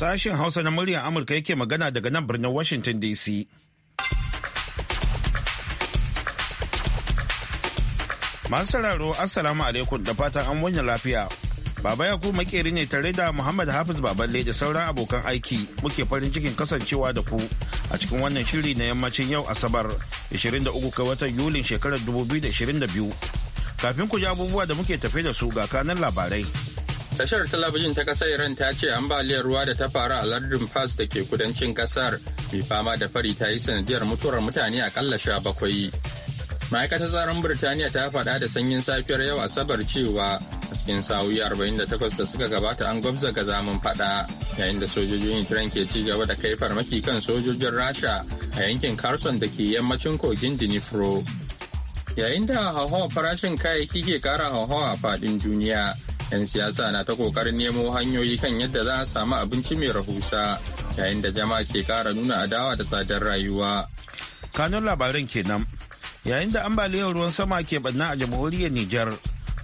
Sashen Hausa na muryar Amurka yake magana daga nan birnin Washington DC. Masu sauraro Assalamu alaikum da fatan an wanya lafiya. Baba ku makeri ne tare da Muhammad Hafiz Baballe da sauran abokan aiki muke farin cikin kasancewa da ku a cikin wannan shiri na yammacin yau Asabar 23 ga watan Yulin shekarar 2022. Kafin ku ji abubuwa da muke tafe da su ga kanan labarai. Tashar talabijin ta ƙasar Iran ta ce ambaliyar ruwa da ta faru a lardin Fars da ke kudancin kasar mai fama da fari ta yi sanadiyar mutuwar mutane akalla sha bakwai. Ma'aikatar tsaron Birtaniya ta faɗa da sanyin safiyar yau Asabar cewa a cikin sa'o'i 48 da suka gabata an gwabza ga zamun faɗa yayin da sojojin Ukraine ke ci gaba da kai farmaki kan sojojin Rasha a yankin carson da ke yammacin kogin Dnipro. Yayin da hauhawar farashin kayayyaki ke kara hauhawa a faɗin duniya, 'Yan siyasa na ta kokarin nemo hanyoyi kan yadda za a samu abinci mai rahusa yayin da jama'a ke kara nuna adawa da tsadar rayuwa. Kanun labaran kenan. Yayin da ambaliyar ruwan sama ke ɓanna a jamhuriyar Nijar,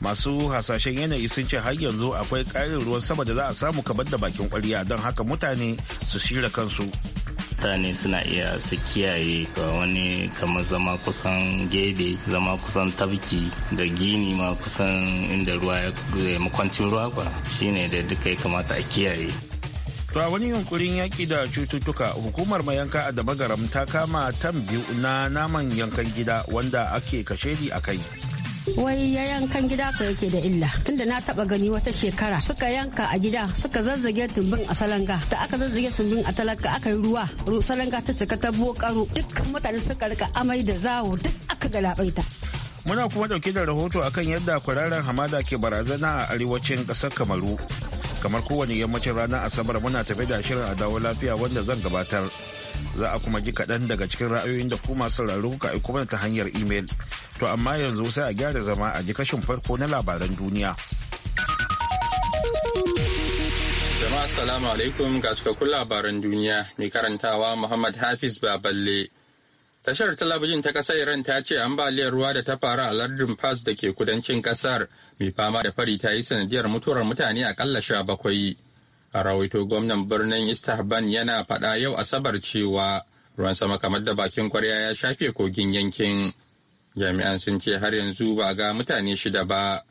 masu hasashen yanayi sun ce har yanzu akwai ƙarin ruwan sama da za a samu kamar da bakin kwarya don haka mutane su shira kansu. mutane suna iya su kiyaye ga wani kamar zama kusan gebe zama kusan tafki da gini ma kusan inda ruwa ya makwancin ruwa kwa shine da duka ya kamata a kiyaye To a wani yunkurin yaƙi da cututtuka hukumar mayanka a Damagaram ta kama tan na naman yankan gida wanda ake kashedi a kai. wai ya yankan gida ko yake da illa tunda na taba gani wata shekara suka yanka a gida suka zazzage tumbin a salanga da aka zazzage tumbin a talaka aka yi ruwa salanga ta cika ta bokaro dukkan mutane suka rika amai da zawo duk aka galabaita muna kuma dauke da rahoto akan yadda kwararren hamada ke barazana a arewacin kasar kamaru kamar kowane yammacin ranar asabar muna tafi da shirin a dawo lafiya wanda zan gabatar za a kuma ji kaɗan daga cikin ra'ayoyin da kuma masu sauraro kuka aiko mana ta hanyar imel To amma yanzu sai a gyara zama a ji kashin farko na labaran duniya. Jama'a Assalamu alaikum ga cikakkun labaran duniya mai karantawa Muhammad Hafiz Baballe. Tashar talabijin ta ƙasar Iran ta ce ambaliyar ruwa da ta faru a lardin Fars da ke kudancin kasar mai fama da fari ta yi sanadiyar mutuwar mutane akalla sha bakwai. A rawaito gwamnan birnin Istahban yana fada yau Asabar cewa ruwan sama kamar da bakin kwarya ya shafe kogin yankin. jami'an sun ce har yanzu ba ga mutane shida ba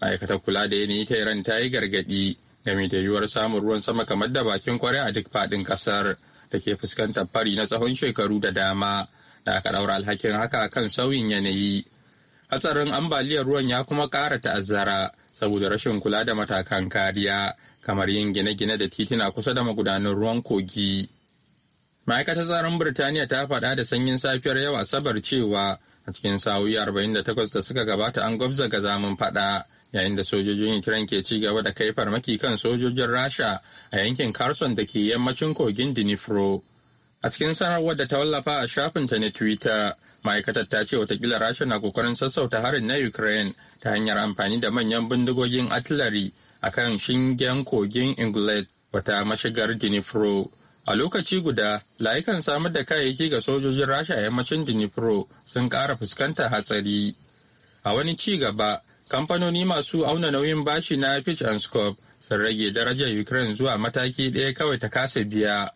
ma'aikatar kula da yanayi ta iran ta yi gargaɗi game da yiwuwar samun ruwan sama kamar da bakin kwarai a duk faɗin ƙasar da ke fuskantar fari na tsawon shekaru da dama da aka ɗaura alhakin haka kan sauyin yanayi hatsarin ambaliyar ruwan ya kuma ƙara ta'azzara saboda rashin kula da matakan kariya kamar yin gine-gine da titina kusa da magudanan ruwan kogi ma'aikatar tsarin birtaniya ta faɗa da sanyin safiyar yau asabar cewa a cikin sa'o'i 48 da suka gabata an gwabza ga zamun faɗa yayin da sojojin ukraine ke ci gaba da kai farmaki kan sojojin rasha a yankin carson da ke yammacin kogin dnipro a cikin sanarwar da ta wallafa a shafinta na twitter ma'aikatar ta ce watakila rasha na kokarin sassauta harin na ukraine ta hanyar amfani da manyan bindigogin artillery a kan shingen kogin inglet wata mashigar dnipro A lokaci guda, layukan samar da kayayyaki ga sojojin Rasha a yammacin Dnipro sun ƙara fuskantar hatsari. A wani ci gaba, kamfanoni masu auna nauyin bashi na Fitch and Scope sun rage darajar Ukraine zuwa mataki ɗaya kawai ta kasa biya.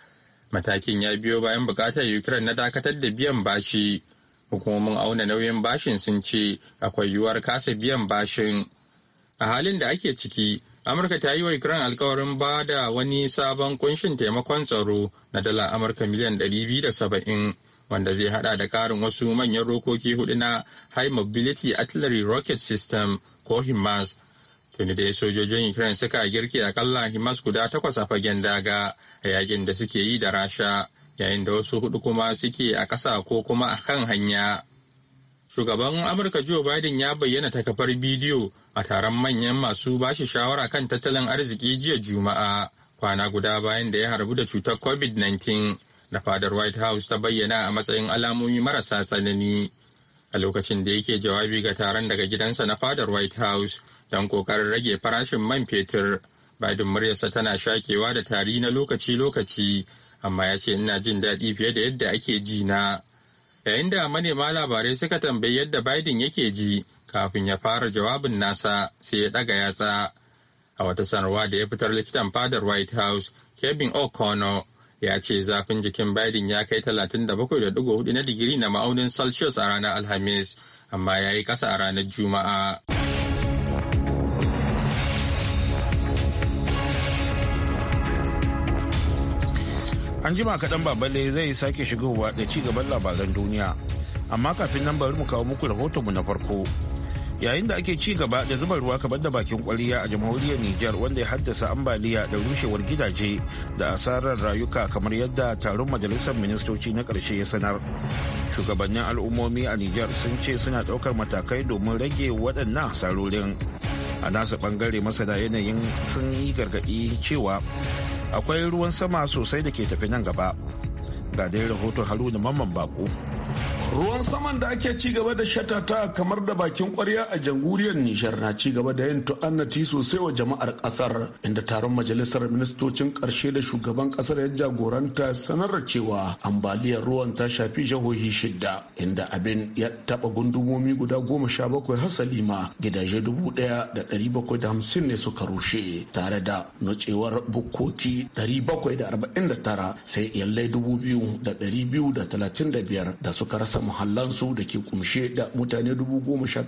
Matakin ya biyo bayan buƙatar Ukraine na dakatar da biyan bashi. Hukumomin auna nauyin bashin sun ce akwai yiwuwar kasa biyan bashin. A halin da ake ciki, amurka ta yi wa ukraine alkawarin ba da wani sabon kunshin taimakon tsaro na dala amurka miliyan 270 wanda zai hada da karin wasu manyan rokoki hudu na high mobility artillery rocket system ko HIMARS. tuni da sojojin ukraine suka girke akalla HIMARS guda takwas a fagen daga a yakin da suke yi da rasha yayin da wasu hudu kuma suke a ƙasa ko kuma a kan hanya shugaban amurka joe biden ya bayyana takafar bidiyo a taron manyan masu bashi shawara kan tattalin arziki jiya juma'a kwana guda bayan da ya harbu da cutar covid-19 da fadar white house ta bayyana a matsayin alamomi marasa tsanani a lokacin da yake jawabi ga taron daga gidansa na fadar white house don kokarin rage farashin man fetur biden muryarsa tana shakewa da tari na lokaci-lokaci amma ya ce ina jin daɗi fiye da yadda ake ji na yayin da manema labarai suka tambayi yadda biden yake ji kafin ya fara jawabin nasa sai ya ɗaga yatsa a wata sanarwa da ya fitar likitan fadar white house kevin o'connor ya ce zafin jikin biden ya kai 37.4 na digiri na ma'aunin celsius a ranar alhamis amma ya yi ƙasa a ranar juma'a an jima kaɗan babale zai sake shigowa da ci gaban labaran duniya amma kafin nan bari mu kawo muku rahotonmu na farko yayin da ake ci gaba da zuba ruwa kamar da bakin kwaliya a jamhuriyar Nijar wanda ya haddasa ambaliya da rushewar gidaje da asarar rayuka kamar yadda taron majalisar ministoci na karshe ya sanar. Shugabannin al'ummomi a Nijar sun ce suna ɗaukar matakai domin rage waɗannan hasarorin. A nasa bangare masana yanayin sun yi gargaɗi cewa akwai ruwan sama sosai da ke tafi nan gaba. Ga dai rahoton Haruna Mamman Bako Ruwan saman da ake ci gaba da shatata kamar da bakin kwarya a jamhuriyar Nijar na ci gaba da yin tu'annati sosai wa jama'ar kasar inda taron majalisar ministocin karshe da shugaban kasar ya jagoranta sanar da cewa ambaliyar ruwan ta shafi jihohi shidda inda abin ya taba gundumomi guda goma sha bakwai hasali ma gidaje dubu daya da dari bakwai da hamsin ne suka rushe tare da nutsewar bukkoki dari bakwai da arba'in da tara sai iyalai dubu biyu da dari biyu da talatin da biyar da suka rasa rasa muhallansu da ke kumshe da mutane dubu sai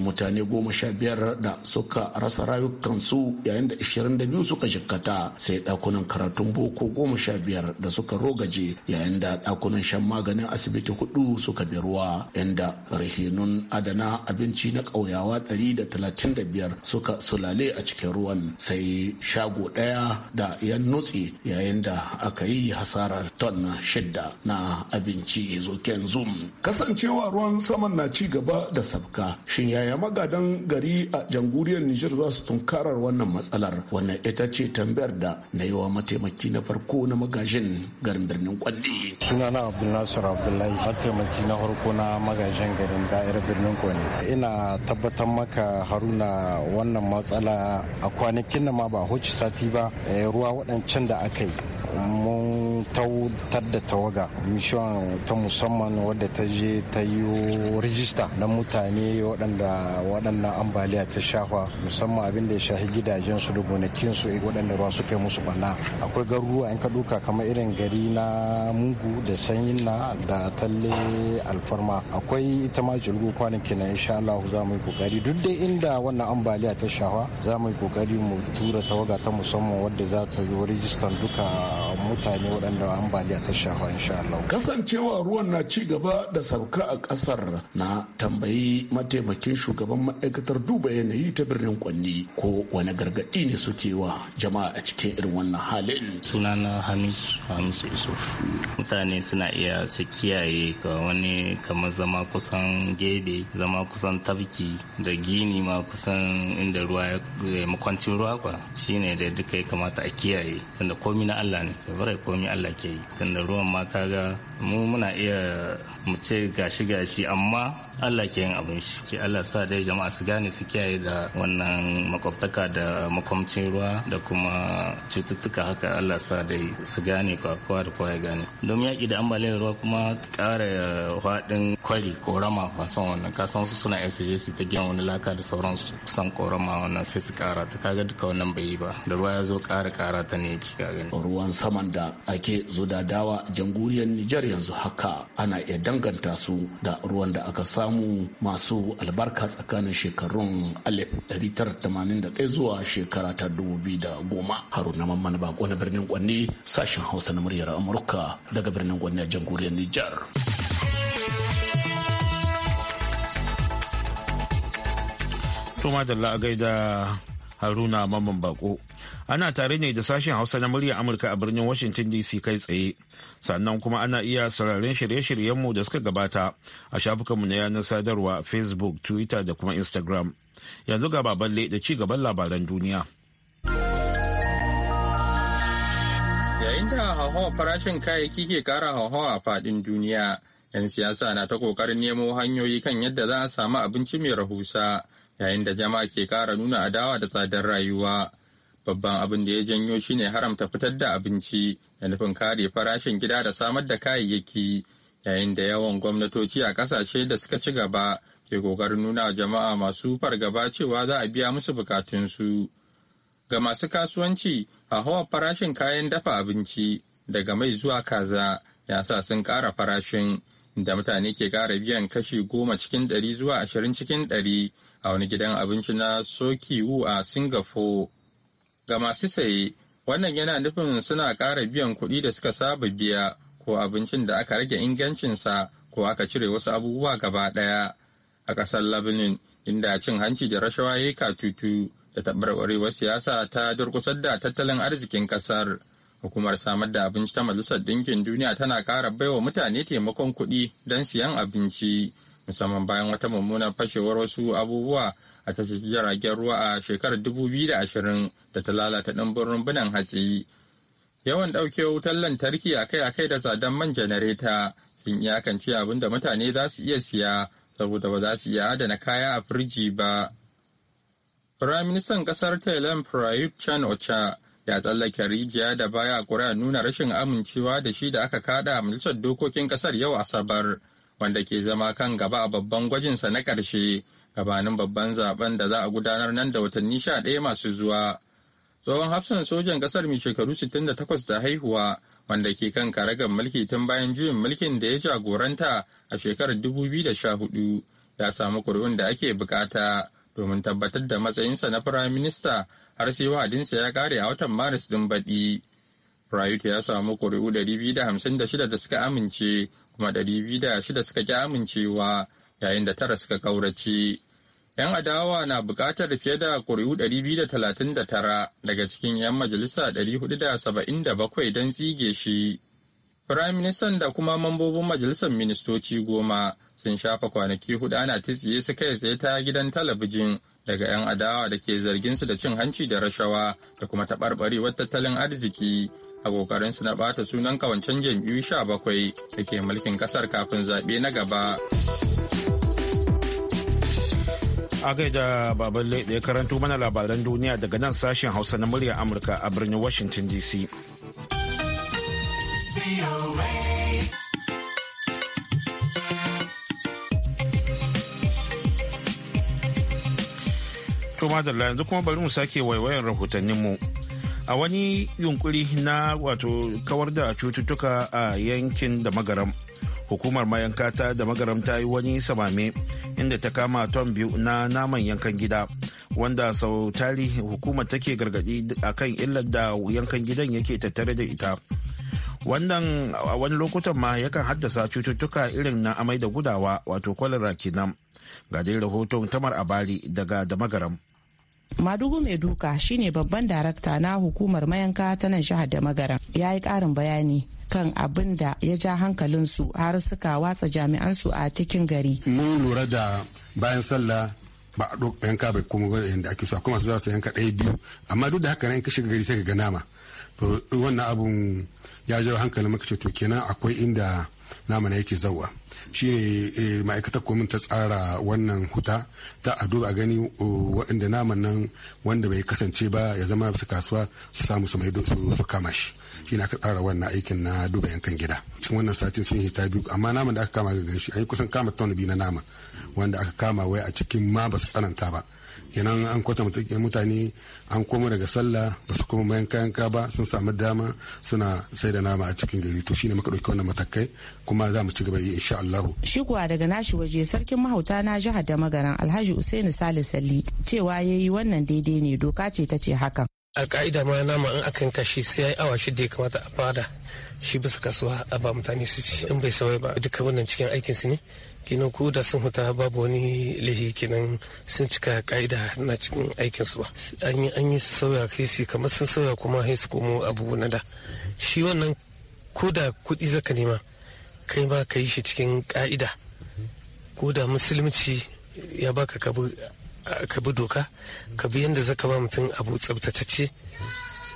mutane goma sha da suka rasa rayukansu yayin da ishirin suka jikkata sai ɗakunan karatun boko goma sha da suka rogaje yayin da ɗakunan shan maganin asibiti hudu suka bi ruwa inda rahinun adana abinci na ƙauyawa ɗari da talatin da biyar suka sulale a cikin ruwan sai shago ɗaya da 'yan nutse yayin da aka yi hasarar ton shidda na abinci abinci ya zo kenzum kasancewa ruwan saman na ci gaba da sabka shin yaya magadan gari a jamhuriyar nijar za su tunkarar wannan matsalar wannan ita ce tambayar da na yi wa mataimaki na farko na magajin garin birnin kwalli sunana abdulnasir abdullahi mataimaki na farko na magajin garin da'ir birnin kwalli ina tabbatar maka haruna wannan matsala a kwanakin nan ma ba hoci sati ba eh, ruwa waɗancan da aka yi mun tautar da tawaga mission ta musamman wadda ta je ta yi rijista na mutane waɗanda waɗannan ambaliya ta shafa musamman abin da ya shafi gidajen su da su waɗanda ruwa suke musu bana akwai garuruwa in ka duka kamar irin gari na mugu da sanyin na da talle alfarma akwai ita ma jirgin kwanan kenan insha Allah za mu yi kokari duk da inda wannan ambaliya ta shafa za mu yi kokari mu tura tawaga ta musamman wadda za ta yi rijistan duka mutane waɗanda ambaliya ta shafa insha Allah. Kasancewa ruwan na ci gaba da sauka a ƙasar na tambayi mataimakin shugaban ma'aikatar duba yanayi ta birnin Kwanni ko wani gargaɗi ne suke wa jama'a a cikin irin wannan halin. Sunana Hamisu Hamisu Yusuf. Mutane suna iya su kiyaye ka wani kamar zama kusan gebe zama kusan tafki da gini ma kusan inda ruwa ya eh, makwancin ruwa kwa shine da duka ya kamata a kiyaye tunda komi na Allah ne. bara komi Allah ke yi tunda ruwan ma kaga mu muna iya mu ce gashi gashi amma Allah ke yin abin shi ke Allah sa dai jama'a su gane su kiyaye da wannan makwabtaka da makwamcin ruwa da kuma cututtuka haka Allah sa dai su gane kowa da kowa ya gane don yaƙi da ambaliyar ruwa kuma ƙara faɗin kwari korama fason wannan san su suna SJ su ta gina wani laka da sauransu kusan korama wannan sai su ƙara ta kaga duka wannan bai yi ba da ruwa ya zo ƙara ƙara ta ne ki gani ruwan saman Da ake dawa jamhuriyar Nijar yanzu haka ana iya danganta su da ruwan da aka samu masu albarka tsakanin shekarun 1981 zuwa shekara ta 2010 haruna mamman bako na birnin kwanne sashen hausa na muryar amurka daga birnin kwanne a jamhuriyar Nijar. Tuma da la'agai da haruna mamman bako ana tare ne da sashen hausa na murya amurka a birnin washington dc kai tsaye sannan kuma ana iya sararin shirye-shiryenmu da suka gabata a shafukanmu na yanar sadarwa facebook twitter da kuma instagram yanzu ga baballe da ci gaban labaran duniya yayin da hauhawa farashin kayayyaki ke kara hauhawa a fadin duniya 'yan siyasa na ta kokarin nemo hanyoyi kan yadda za a samu abinci mai rahusa yayin da jama'a ke kara nuna adawa da tsadar rayuwa babban abin da ya janyo shine haramta fitar da abinci da nufin kare farashin gida da samar da kayayyaki yayin da yawan gwamnatoci a ƙasashe da suka ci gaba ke ƙoƙarin nuna jama'a masu fargaba cewa za a biya musu bukatunsu ga masu kasuwanci a hawa farashin kayan dafa abinci daga mai zuwa kaza ya sa sun ƙara farashin da mutane ke kara biyan kashi goma cikin ɗari zuwa ashirin cikin ɗari a wani gidan abinci na Sokiwu a Singapore. Ga masu saye, wannan yana nufin suna kara biyan kuɗi da suka saba biya ko abincin da aka rage ingancinsa ko aka cire wasu abubuwa gaba ɗaya. A ƙasar labinin inda cin hanci da rashawa ya yi katutu da taɓarɓarewar siyasa ta durƙusar da tattalin arzikin ƙasar. Hukumar samar da abinci ta Majalisar Ɗinkin Duniya tana kara baiwa mutane taimakon kuɗi don siyan abinci, musamman bayan wata mummunar fashewar wasu abubuwa a tashar jiragen ruwa a shekarar 2020 da ta lalata ɗimbin rumbunan hatsi. Yawan ɗauke wutar lantarki akai-akai da tsadan man janareta sun iyakance abin da mutane za su iya siya saboda ba za su iya adana kaya a firji ba. Firaministan ƙasar Thailand Prayut Chan Ocha ya tsallake rijiya da baya a ƙuri'a nuna rashin amincewa da shi da aka kada a majalisar dokokin ƙasar yau asabar wanda ke zama kan gaba a babban gwajinsa na ƙarshe gabanin babban zaben da za a gudanar nan da watanni sha ɗaya masu zuwa tsohon hafsan sojan ƙasar mai shekaru 68 da haihuwa wanda ke kan karagar mulki tun bayan juyin mulkin da ya jagoranta a shekarar 2014 ya samu kuri'un da ake bukata domin tabbatar da matsayinsa na firayim minista har sai wa'adinsa ya kare a watan maris din baɗi rayut ya samu ƙuri'u 256 da suka amince kuma 206 suka ƙi amincewa yayin da tara suka kaurace 'yan adawa na buƙatar fiye da ƙuri'u 239 daga cikin 'yan majalisa 477 don tsige shi firayim ministan da kuma mambobin majalisar ministoci goma sun shafa kwanaki hudu ana titsiye su kai tsaye ta gidan talabijin daga 'yan adawa da ke zargin su da cin hanci da rashawa da kuma taɓarɓarewar tattalin arziki a ƙoƙarinsu na ɓata sunan kawancen jam'iyyu sha bakwai da ke mulkin ƙasar kafin zaɓe na gaba. A gaida baballe da ya karanto mana labaran duniya daga nan sashen Hausa na murya Amurka a birnin Washington DC. To madalla yanzu kuma bari mu sake waiwayan mu A wani yunkuri na wato kawar da cututtuka a yankin da magaram. Hukumar mayanka ta da magaram ta yi wani samame inda ta kama ton biyu na naman yankan gida wanda sau tari hukumar take gargadi akan illar da yankan gidan yake tattare da ita. wannan a wani lokutan ma yakan haddasa cututtuka irin na amai da gudawa wato kwalara kenan ga dai rahoton tamar bali daga damagaram madugu mai duka shine babban darakta na hukumar mayanka ta nan jihar da magara ya yi karin bayani kan abin da ya ja hankalinsu har suka watsa jami'ansu a cikin gari mun lura da bayan sallah ba a ɗauka yanka bai kuma ba yadda ake so kuma su za su yanka ɗaya biyu amma duk da haka nan ka shiga gari sai ka ga nama to wannan abun ya jawo hankalin muka ce to kenan akwai inda nama yake zauwa shine eh, ma'aikatar komin ta tsara wannan huta ta a duba gani waɗanda naman nan wanda bai kasance ba ya zama su kasuwa su samu su maido su kama shi shi na tsara wannan aikin na duba yankan gida cikin wannan satin sun hita biyu amma naman da aka kama ga ganshi an yi kusan kama ton biyu na nama wanda aka kama wai a cikin ma ba su tsananta ba kenan an kwata mutane an koma daga sallah ba su koma mayan kayan ka ba sun samu dama suna sai da nama a cikin gari to shine muka ɗauki wannan matakai kuma za mu ci gaba yi insha Allah. shiguwa daga nashi waje sarkin mahauta na jihar da magaran Alhaji Usaini Sale Salli cewa yayi wannan daidai ne doka ce ta ce hakan. Alka'ida ma nama in akan kashi sai ya awa shida ya kamata a fara shi bisa kasuwa a ba mutane su ci in bai sawai ba duka wannan cikin su ne. kinan ku da sun huta babu wani lahi kinan sun cika ka'ida na cikin aikin su ba an yi an yi su sauya kisi kamar sun sauya kuma sai su komo abu na da shi wannan ko da kuɗi zaka nema kai ba ka yi shi cikin ka'ida ko da musulunci ya baka ka bi doka ka bi yadda zaka ba mutum abu tsabtatacce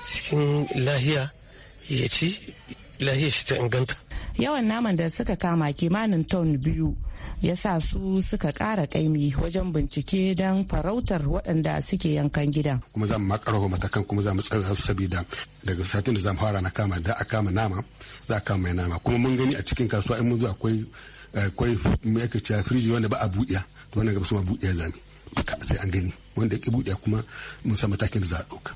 cikin lahiya ya ci lahiyar shi ta inganta yawan naman da suka kama kimanin ton biyu ya sa su suka kara kaimi wajen bincike don farautar waɗanda suke yankan gidan. Kuma za mu wa matakan kuma za mu tsara su sabida daga satin da za mu fara na kama da a kama nama za a kama mai nama kuma mun gani a cikin kasuwa in mun zo akwai akwai mu yake cewa firiji wanda ba a buɗiya to wannan gaba su ma buɗiya zami sai an gani wanda ya ki buɗiya kuma mun san matakin da za a ɗauka.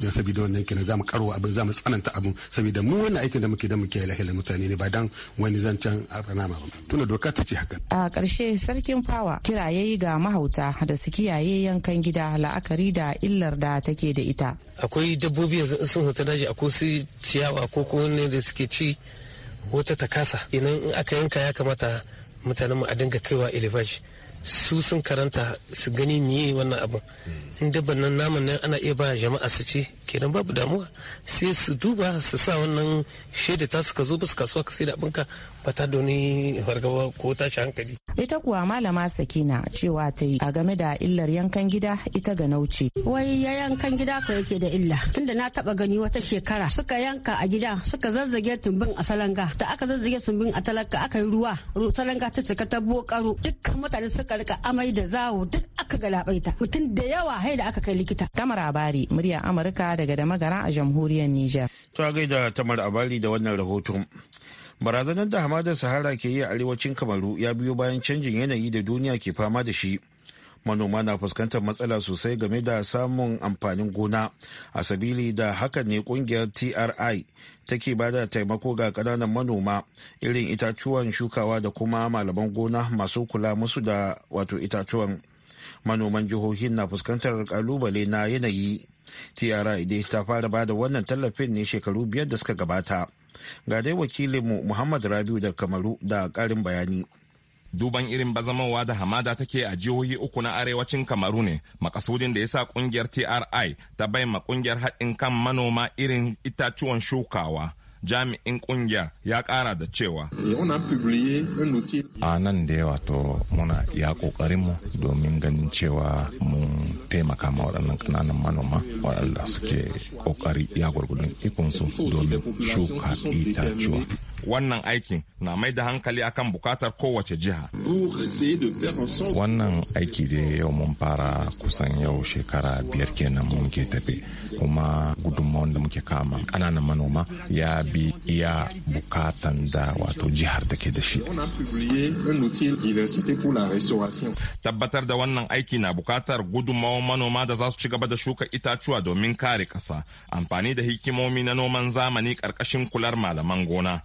don saboda wannan za zamu karo abin zamu tsananta abin saboda mu wannan aikin da muke da muke lahiya mutane ne ba dan wani zancen arnama ba tuna doka ta ce haka a ƙarshe sarkin fawa kira kiraye ga mahauta da su kiyaye yankan gida la'akari da illar da take da ita akwai dabbobi yanzu sun huta daji akwai su ciyawa ko ko da suke ci wata ta kasa idan in aka yanka ya kamata mutanen mu a dinga kaiwa elevage su sun karanta su gani miye wannan abin in dabban nan naman nan ana iya ba jama'a su ci kenan babu damuwa sai su duba su sa wannan shaida ta suka zo su kasuwa ka sai da abinka fata doni fargaba ko tashi hankali. Ita kuwa malama Sakina cewa ta yi a game da illar yankan gida ita ga nauce. Wai ya yankan gida ko yake da illa. Tunda na taba gani wata shekara suka yanka a gida suka zazzage tumbin a salanga. Da aka zazzage tumbin a talaka aka yi ruwa. Salanga ta cika ta bokaro. Dukkan mutane suka rika amai da zawo duk aka galabaita. Mutum da yawa hai da aka kai likita. Tamar Abari murya Amurka daga da magara a jamhuriyar Nijar. Ta gaida Tamar Abari da wannan rahoton. barazanar da hamadar sahara ke yi a arewacin kamaru ya biyo bayan canjin yanayi da duniya ke fama da shi manoma na fuskantar matsala sosai game da samun amfanin gona a sabili da haka ne kungiyar tri take ba da taimako ga kananan manoma irin itatuwan shukawa da kuma malaman gona masu kula musu da wato itatuwan manoman jihohin na fuskantar kalubale na yanayi tri dai ta fara ba da wannan tallafin ne shekaru biyar da suka gabata Ga dai wakilinmu Muhammad Rabiu da Kamaru da karin bayani. duban irin bazamawa da hamada take a jihohi uku na arewacin kamaru ne makasudin da ya sa kungiyar tri ta bai ma kungiyar haɗin kan manoma irin itatuwan shukawa jami'in kungiya ya kara da cewa a nan da yawa to muna ya kokarin mu domin ganin cewa mun taimaka ma waɗannan ƙananan manoma waɗanda suke ƙoƙari ya gwargwadon ikonsu domin shuka itacuwa wannan aikin na mai da hankali akan bukatar kowace jiha wannan aiki da yau mun fara kusan yau shekara biyar kenan mun ke tafe kuma gudunmawar da muke kama ƙananan manoma ya bi iya bukatan da wato jihar ke da shi tabbatar da wannan aiki na bukatar gudunmawar manoma da za su ci gaba da shuka itatuwa domin kare ƙasa amfani da hikimomi na noman zamani ƙarƙashin kular malaman gona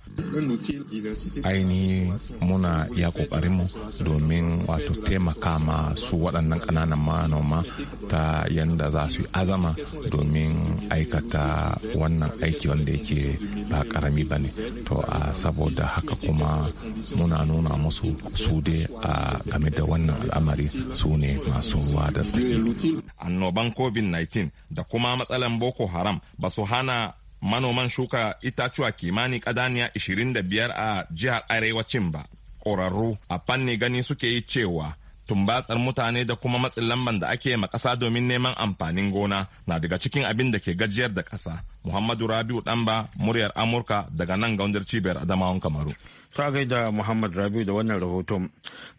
ainihi muna iya mu domin wato taimaka ma su waɗannan ƙananan manoma ta yanda za su yi azama domin aikata wannan aiki wanda yake ba ƙarami ba ne to a saboda haka kuma muna nuna musu su dai a game da wannan al'amari su ne masu ruwa da tsaki annoban covid-19 da kuma matsalan boko haram ba su hana manoman shuka itacuwa kimani kadaniya 25 a jihar arewacin ba ƙorarru a fanni gani suke yi cewa tumbatsar mutane da kuma matsin lamban da ake ma ƙasa domin neman amfanin gona na daga cikin abin da ke gajiyar da kasa muhammadu rabiu ɗanba muryar amurka daga nan gaundar cibiyar adamawan kamaru ta gaida muhammad rabiu da wannan rahoton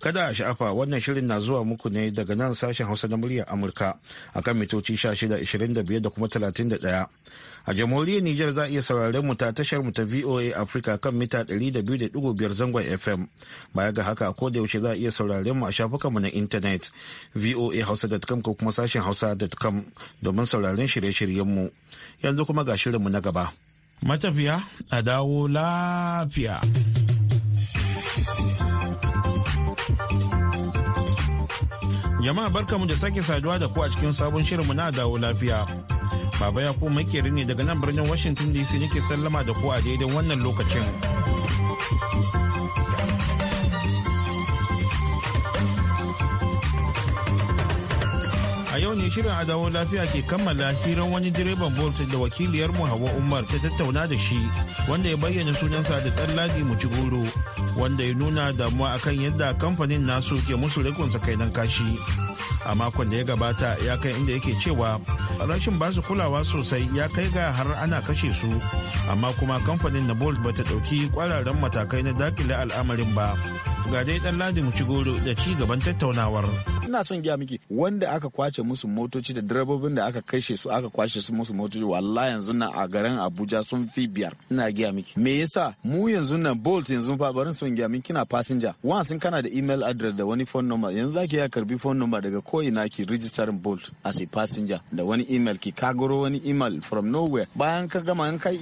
kada a sha'afa wannan shirin na zuwa muku ne daga nan sashen hausa na muryar amurka a akan mitoci 1625 da kuma 31 A jamhuriyar Nijar za a iya sauraren mu ta tashar mu ta VOA Africa kan mita 200.5 zangon FM. Baya ga haka ko da yaushe za a iya sauraren mu a shafukanmu na intanet voahausa.com ko kuma sashen hausa.com domin sauraren shirye-shiryen mu. Yanzu kuma ga shirinmu na gaba. Matafiya a dawo lafiya. Jama'a barkamu da sake saduwa da ku a cikin sabon shirinmu na dawo lafiya. Baba ya kuma makeri ne daga nan birnin Washington DC nake sallama da ku a daidai wannan lokacin. A yau ne shirin adawo lafiya ke kammala hirar wani direban Bolt da wakiliyar mu Hawa Umar ta tattauna da shi wanda ya bayyana sunansa da Ɗanladi Mucigoro wanda ya nuna damuwa akan yadda kamfanin nasu ke musu rikon sakainan kashi. a makon da ya gabata ya kai inda yake cewa rashin basu kulawa sosai ya kai ga har ana kashe su amma kuma kamfanin na bolt ta ɗauki kwararren matakai na dakile al'amarin ba ga dai dan ladi goro da ci gaban tattaunawar ina son gya miki wanda aka kwace musu motoci da direbobin da aka kashe su aka kwace su musu motoci wallahi yanzu nan a garin Abuja sun fi biyar ina gya miki me yasa mu yanzu nan bolt yanzu fa barin son gya miki kina passenger wasan kana da email address da wani phone number yanzu zaki ya karbi phone number daga ko ina ki registering bolt as a passenger da wani email ki kagoro wani email from nowhere bayan ka gama in kai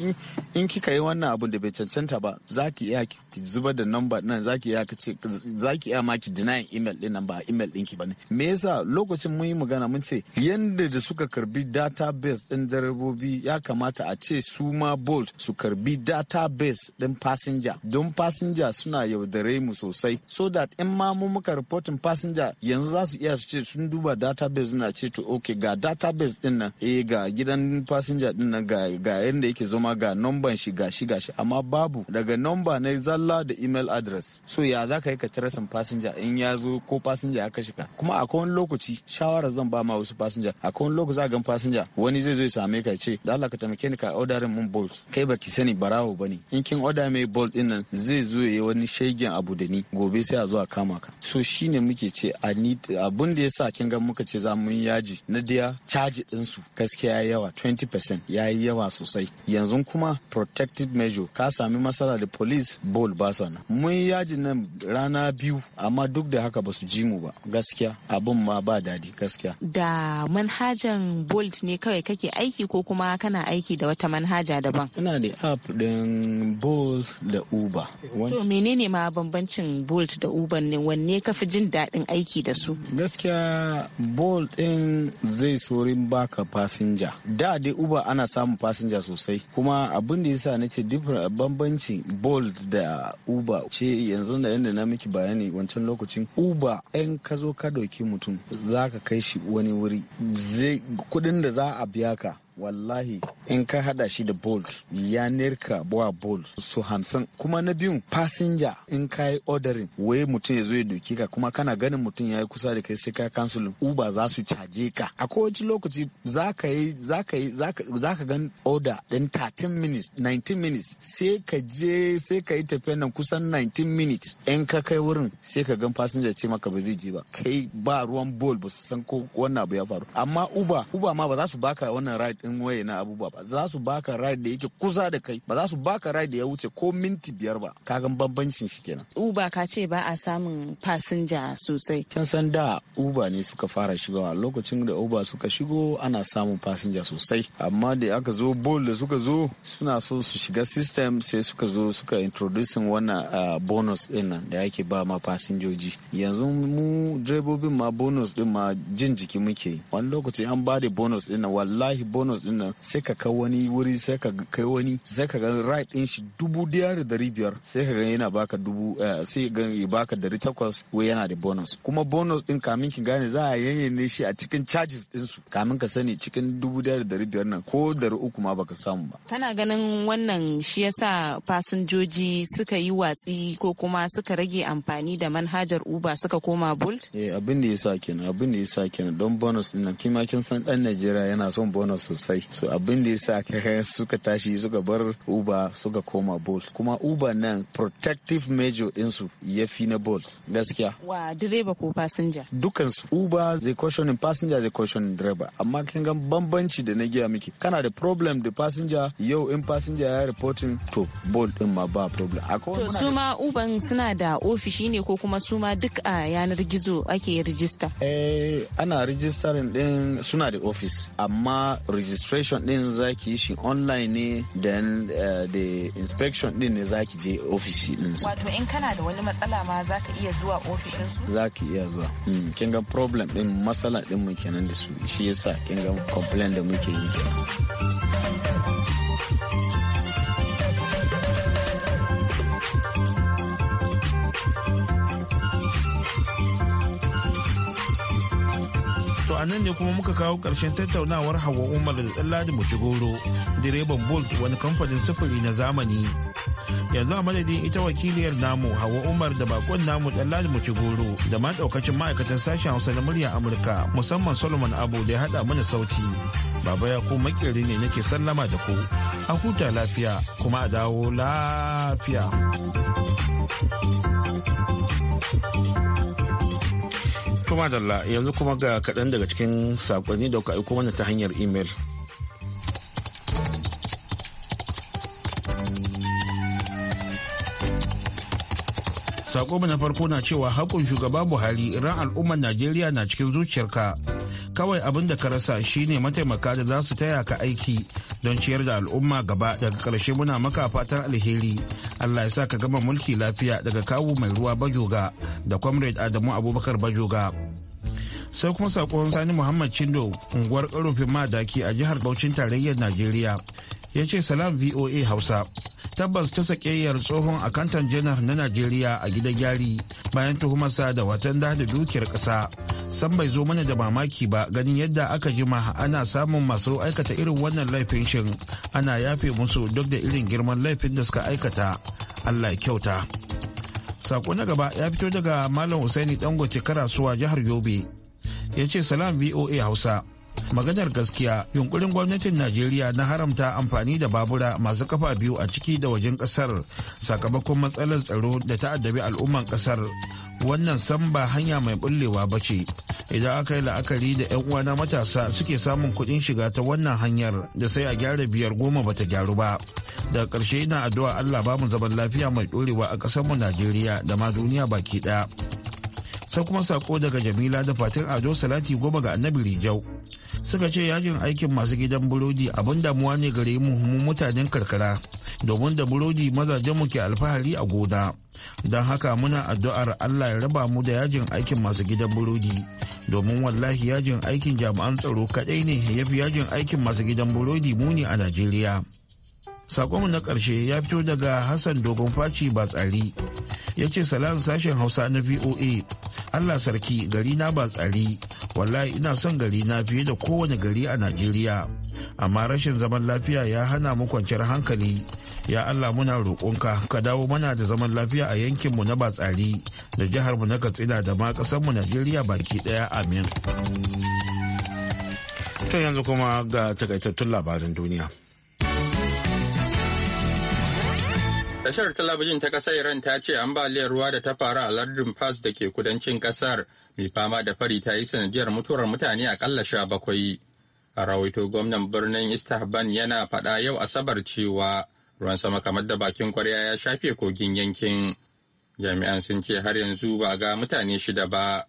in kika yi wannan abun da bai cancanta ba za ki iya ki zubar da number nan za ki iya ki ce za iya ma ki deny email din nan ba email din ba ne me yasa lokacin mun yi magana mun ce yanda da suka karbi database ɗin direbobi ya kamata a ce su ma bolt su karbi database ɗin passenger don passenger suna yaudare mu sosai so that in ma mu muka reporting passenger yanzu za su iya su ce sun duba database na ce to okay ga database din nan eh ga gidan fasinja din nan ga ga yanda yake zoma ga number shi ga shi ga shi amma babu daga number na zalla da email address so ya za ka yi ka tirasin fasinja in ya zo ko fasinja ya kashe ka kuma a wani lokaci shawara zan ba ma wasu fasinja a wani lokaci za ga fasinja wani zai zo ya same ka ce da Allah ka taimake ni ka order mun bolt kai baki sani barawo ba ne. in kin order mai bolt din nan zai zo ya yi wani shegen abu da ni gobe sai a zo a kama ka so shine muke ce a abun da yasa yasa kin ga muka ce za mu yi yaji na diya caji su gaskiya ya yawa 20% ya yi yawa sosai yanzu kuma protected measure ka sami masala da police ball ba sa nan mun yi yaji nan rana biyu amma duk da haka ba su ji mu ba gaskiya abun ma ba dadi gaskiya da manhajan bolt ne kawai kake aiki ko kuma kana aiki da wata manhaja daban ina da app din bolt da uber to menene ma bambancin bolt da uber ne wanne ka fi jin daɗin aiki da su gaskiya gaskiya bolt ɗin zai sorin baka fasinja da dai uber ana samun fasinja sosai kuma abin da yasa nace bambanci bolt da uber ce yanzu da yadda na miki bayani wancan lokacin uber in ka zo ka ɗauki mutum za ka kai shi wani wuri kuɗin da za a biya ka wallahi in ka hada shi da bolt ya nerka bawa bolt su hamsin kuma na biyun fasinja in ka yi ordering waye mutum ya zo ya doki ka kuma kana ganin mutum ya yi kusa da kai sai ka cancel uba za su caje ka a kowace lokaci za ka yi za ka yi za ka gan order din 13 minutes 19 minutes sai ka je sai ka yi tafiya nan kusan 19 minutes in ka kai wurin sai ka gan fasinja ce maka ba zai je ba kai ba ruwan bolt ba su san ko wannan abu ya faru amma uba uba ma ba za su baka wannan ride in waye na abubuwa ba za su baka ride da yake kusa da kai ba za su baka ride da ya wuce ko minti biyar ba kagan bambancin shi kenan uber ka ce ba a samun fasinja sosai kin san da uber ne suka fara shigowa lokacin da uber suka shigo ana samun fasinja sosai amma da aka zo bol da suka zo suna so su shiga system sai suka zo suka introducing wannan ah, bonus din nan da yake ba ma fasinjoji yanzu mu direbobin ma bonus din ma jin jiki muke wani lokaci an ba da bonus din nan wallahi bonus Lagos din nan sai ka kai wani wuri sai ka kai wani sai ka ga right din shi dubu daya da dari biyar sai ka ga yana baka dubu eh, sai ka ga ya baka dari takwas wai yana da bonus kuma bonus din kamin ki gane za a yanyane shi a cikin charges din su kamin ka sani cikin dubu daya da dari biyar nan ko dari uku ma baka samu ba. Kana ganin wannan shi yasa fasinjoji suka yi watsi ko kuma suka rage amfani da manhajar Uber suka koma Bolt? Eh, abin da ya sa kenan abin da ya sa kenan don bonus din nan kima kin san dan Najeriya yana son bonus sosai. sosai so abin da yasa kaka suka tashi suka bar uber suka koma bolt kuma uber nan protective major dinsu ya fi na bolt gaskiya wa direba ko fasinja su uber zai cautioning passenger zai cautioning driver amma kin ga bambanci da na giya miki kana da problem da passenger yau in passenger ya reporting to bolt din ma ba problem to su ma uban suna da ofishi ne ko kuma su ma duk a yanar gizo ake register. eh ana registering din suna da office amma registration din zaki shi online ne then uh, the inspection din ne zaki je ofishi din su wato in kana da wani matsala ma zaka iya zuwa ofishin su zaki iya zuwa hmm, kin ga problem din matsala din mu kenan da su shi yasa kin ga complain da muke yi kenan a nan ne kuma muka kawo ƙarshen tattaunawar Hawa Umar da Ɗanladi goro direban Bolt wani kamfanin sufuri na zamani. Yanzu a madadin ita wakiliyar namu Hawa Umar da bakon namu dan Ɗanladi goro da ma daukacin ma'aikatan sashen Hausa na murya Amurka musamman Solomon Abu da ya haɗa mana sauti. Baba ya ko makeri ne nake sallama da ku. A huta lafiya kuma a dawo lafiya. madalla yanzu kuma ga kaɗan daga cikin sakonni da kuka aiko mana ta hanyar imel. sako na farko na cewa hakun shugaba buhari ran al'ummar najeriya na cikin zuciyarka kawai abin da ka rasa shine mataimaka da za su taya ka aiki don ciyar da al'umma gaba daga karshe muna maka fatan alheri allah ya sa ka gama mulki lafiya daga kawu mai ruwa bajoga da comrade adamu abubakar bajoga sai kuma sakon sani muhammad chindo unguwar karofin madaki a jihar bauchin tarayyar najeriya ya ce salam voa hausa tabbas ta sakeyar tsohon akantan janar na najeriya a gidan gyari bayan tuhumarsa da watan da dukiyar kasa san bai zo mana da mamaki ba ganin yadda aka jima ana samun masu aikata irin wannan laifin shin ana yafe musu duk da irin girman laifin da suka aikata allah kyauta sako na gaba ya fito daga malam husaini dangote karasuwa jihar yobe ya ce salam voa hausa maganar gaskiya yunkurin gwamnatin najeriya na haramta amfani da babura masu kafa biyu a ciki da wajen kasar sakamakon matsalar tsaro da ta addabi al'umman kasar wannan san ba hanya mai bullewa ba ce idan aka yi la'akari da 'yan uwa na matasa suke samun kuɗin shiga ta wannan hanyar da sai a gyara biyar goma bata gyaru ba daga ƙarshe na addu'a allah ba mu zaman lafiya mai ɗorewa a ƙasarmu najeriya da ma duniya baki ɗaya sai kuma sako daga jamila da fatin ado salati goma ga annabi rijau suka ce yajin aikin masu gidan burodi abin damuwa ne gare mu mutanen karkara domin da burodi mazajenmu ke alfahari a gona don haka muna addu'ar allah ya raba mu da yajin aikin masu gidan burodi domin wallahi yajin aikin jami'an tsaro kadai ne ya fi yajin aikin masu gidan burodi muni a najeriya sakon na ƙarshe ya fito daga hassan dogon faci ba tsari ya ce salam sashen hausa na voa Allah sarki gari na ba tsari wallahi ina son gari na fiye da kowane gari a Najeriya amma rashin zaman lafiya ya hana mu kwanciyar hankali ya Allah muna roƙonka ka dawo mana da zaman lafiya a yankin mu na ba tsari da jihar mu na Katsina da ma ƙasar mu Najeriya baki ɗaya amin. To yanzu kuma ga takaitattun labarin duniya. Tashar talabijin ta ƙasar Iran ta ce ambaliyar ruwa da ta faru a lardin Fars da ke kudancin ƙasar mai fama da fari ta yi sanadiyar mutuwar mutane akalla sha bakwai. A rawaito gwamnan birnin istanbul yana faɗa yau Asabar cewa ruwan sama kamar da bakin kwarya ya shafe kogin yankin. Jami'an sun ce har yanzu ba ga mutane shida ba.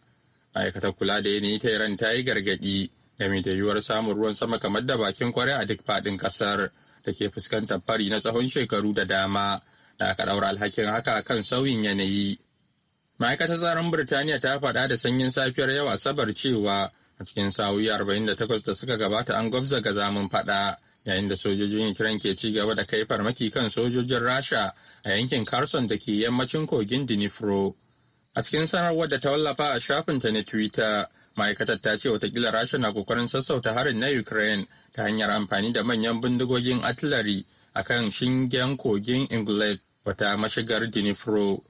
Ma'aikatar kula da yanayi ta Iran ta yi gargaɗi game da yiwuwar samun ruwan sama kamar da bakin kwarya a duk faɗin ƙasar da ke fuskantar fari na tsawon shekaru da dama. da aka ɗaura alhakin haka kan sauyin yanayi. Ma'aikatar tsaron Birtaniya ta faɗa da sanyin safiyar yau Asabar cewa a cikin sa'o'i 48 da suka gabata an gwabza ga zamun faɗa yayin da sojojin Ukraine ke ci gaba da kai farmaki kan sojojin Rasha a yankin carson da ke yammacin kogin Dnipro. A cikin sanarwar da ta wallafa a shafin ta na Twitter, ma'aikatar ta ce watakila Rasha na kokarin sassauta harin na Ukraine ta hanyar amfani da manyan bindigogin artillery a kan shingen kogin Inglet fata mashigar dinifro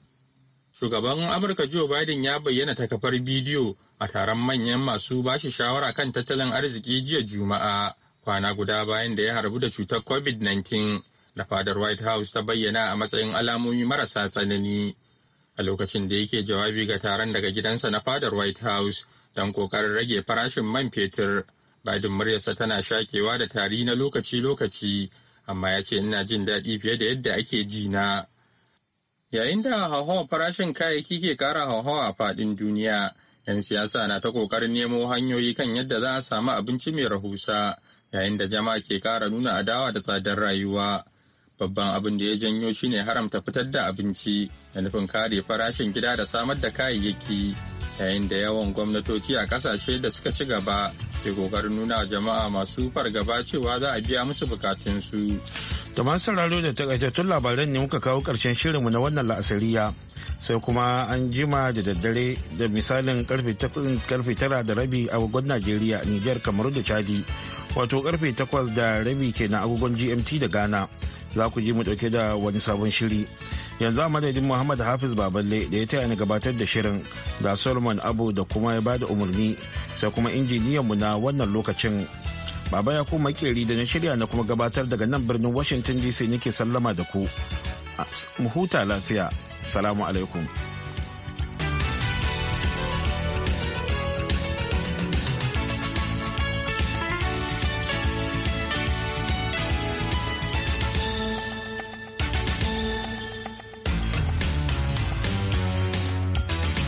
Shugaban Amurka Joe Biden ya bayyana ta bidiyo a taron manyan masu bashi shawara kan tattalin arziki jiya Juma'a kwana guda bayan da ya harbu da cutar COVID-19 da fadar White House ta bayyana a matsayin alamomi marasa tsanani. A lokacin da yake jawabi ga taron daga gidansa na fadar White House don kokarin rage farashin man fetur, Biden muryarsa tana shakewa da tari na lokaci-lokaci amma ya ce ina jin daɗi fiye da yadda ake ji na. Yayin da hauhawar farashin kayayyaki ke kara hauhawa a faɗin duniya, 'yan siyasa na ta ƙoƙarin nemo hanyoyi kan yadda za a samu abinci mai rahusa, yayin da jama'a ke kara nuna adawa da tsadar rayuwa. Babban abin da ya janyo shine haramta fitar da abinci da nufin kare farashin gida da samar da kayayyaki, yayin da yawan gwamnatoci a ƙasashe da suka ci gaba ke kokarin nuna jama'a masu fargaba cewa za a biya musu bukatunsu. da masu sauraro da takaitattun labaran ne muka kawo karshen shirinmu na wannan la'asariya sai kuma an jima da daddare da misalin karfe tara da rabi a agogon najeriya niger kamaru da chadi wato karfe takwas da rabi kenan agogon gmt da ghana za ku ji mu dauke da wani sabon shiri. yanzu a madadin muhammad hafiz baballe da ya taya ni gabatar da shirin da solomon abu da kuma ya bada umarni sai kuma injiniyanmu na wannan lokacin baba ya kuma makeri da na shirya na kuma gabatar daga nan birnin washington dc nake sallama da ku mu huta lafiya salamu alaikum